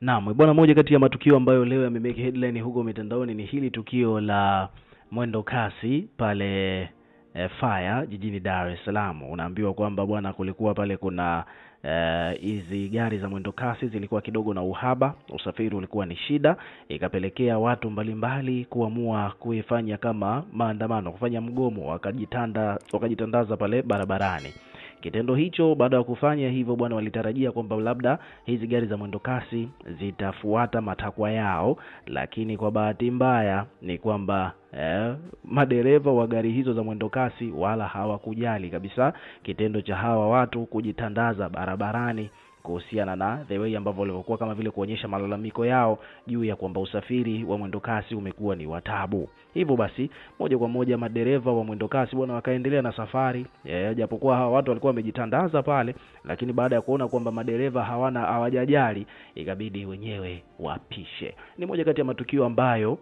Naam, bwana, moja kati ya matukio ambayo leo yamemake headline huko mitandaoni ni hili tukio la mwendo kasi pale eh, e, Faya jijini Dar es Salaam. Unaambiwa kwamba bwana, kulikuwa pale kuna eh, hizi e, gari za mwendo kasi zilikuwa kidogo na uhaba, usafiri ulikuwa ni shida, ikapelekea watu mbalimbali kuamua kuifanya kama maandamano, kufanya mgomo, wakajitandaza pale barabarani. Kitendo hicho baada ya kufanya hivyo bwana, walitarajia kwamba labda hizi gari za mwendo kasi zitafuata matakwa yao, lakini kwa bahati mbaya ni kwamba eh, madereva wa gari hizo za mwendo kasi wala hawakujali kabisa kitendo cha hawa watu kujitandaza barabarani kuhusiana na the way ambavyo walivyokuwa kama vile kuonyesha malalamiko yao juu ya kwamba usafiri wa mwendokasi umekuwa ni watabu. Hivyo basi moja kwa moja madereva wa mwendokasi bwana wakaendelea na safari e, japokuwa hawa watu walikuwa wamejitandaza pale, lakini baada ya kuona kwamba madereva hawana hawajajali, ikabidi wenyewe wapishe. Ni moja kati ya matukio ambayo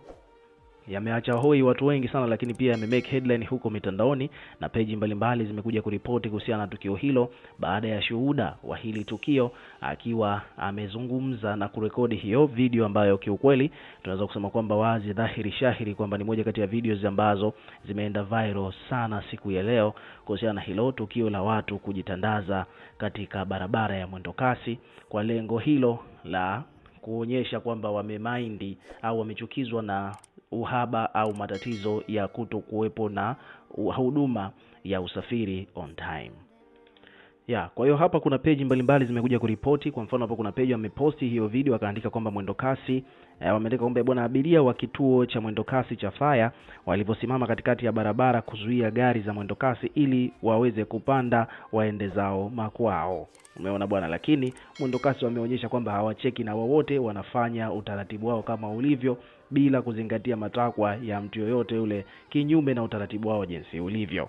yameacha hoi watu wengi sana, lakini pia yamemake headline huko mitandaoni na peji mbalimbali zimekuja kuripoti kuhusiana na tukio hilo, baada ya shuhuda wa hili tukio akiwa amezungumza na kurekodi hiyo video ambayo kiukweli tunaweza kusema kwamba wazi dhahiri shahiri kwamba ni moja kati ya videos ambazo zimeenda viral sana siku ya leo kuhusiana na hilo tukio la watu kujitandaza katika barabara ya mwendo kasi kwa lengo hilo la kuonyesha kwamba wamemaindi au wamechukizwa na uhaba au matatizo ya kuto kuwepo na huduma ya usafiri on time ya kwa hiyo hapa kuna peji mbalimbali zimekuja kuripoti. Kwa mfano hapa kuna peji wameposti hiyo video wakaandika kwamba mwendokasi e, wameandika kwamba bwana, abiria wa kituo cha mwendokasi cha Faya waliposimama katikati ya barabara kuzuia gari za mwendokasi ili waweze kupanda waende zao makwao. Umeona bwana, lakini mwendokasi wameonyesha kwamba hawacheki na wowote, wanafanya utaratibu wao kama ulivyo bila kuzingatia matakwa ya mtu yoyote yule, kinyume na utaratibu wao jinsi ulivyo.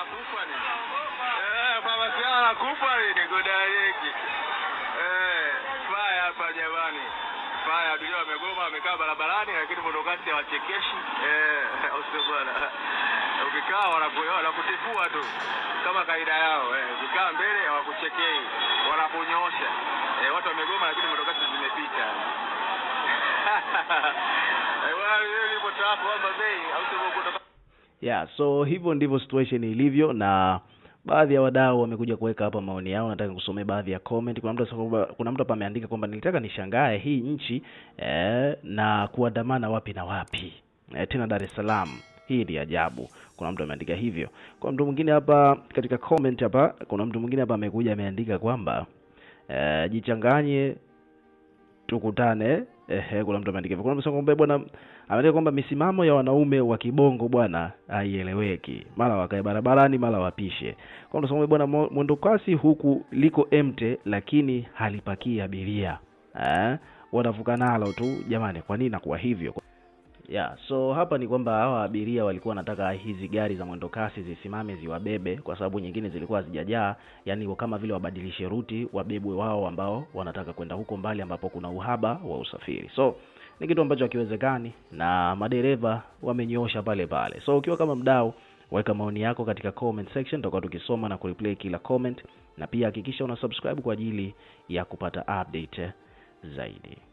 anakufa ni. Eh, famasi yao anakufa ni goda yeki. Eh, faya hapa jamani. Faya abiria wamegoma wamekaa barabarani lakini mwendokasi hawachekeshi. Eh, usio bwana. Ukikaa wanakuyoa wanakutifua tu kama kaida yao. Eh, ukikaa mbele hawakuchekei. Wanakunyoosha. Eh, watu wamegoma lakini mwendokasi zimepita. Hahaha. Ewa, hiyo ipo tapo bei au sio kutoka yeah, so hivyo ndivyo situation ilivyo na baadhi ya wadau wamekuja kuweka hapa maoni yao. Nataka kusomea baadhi ya comment. Kuna mtu kuna mtu hapa ameandika kwamba nilitaka nishangae hii nchi eh, na kuandamana wapi na wapi eh, tena Dar es Salaam. Hii ni ajabu. Kuna mtu ameandika hivyo. kwa mtu mwingine hapa katika comment hapa, kuna mtu mwingine hapa amekuja ameandika kwamba eh, jichanganye tukutane Ehe, kuna mtu ameandika hivyo. Kuna mtu anasema bwana, ameandika kwamba misimamo ya wanaume wa kibongo bwana haieleweki, mara wakae barabarani, mara wapishe. Kwa mtu anasema bwana, mwendo kasi huku liko emte, lakini halipakii abiria eh, wanavuka nalo tu jamani, kwa nini nakuwa hivyo? Yeah, so hapa ni kwamba hawa abiria walikuwa wanataka hizi gari za mwendo kasi zisimame ziwabebe, kwa sababu nyingine zilikuwa hazijajaa, yani kama vile wabadilishe ruti, wabebwe wao ambao wanataka kwenda huko mbali ambapo kuna uhaba wa usafiri. So ni kitu ambacho hakiwezekani na madereva wamenyosha pale pale. So ukiwa kama mdau, weka maoni yako katika comment section, tutakuwa tukisoma na kureplay kila comment, na pia hakikisha una subscribe kwa ajili ya kupata update zaidi.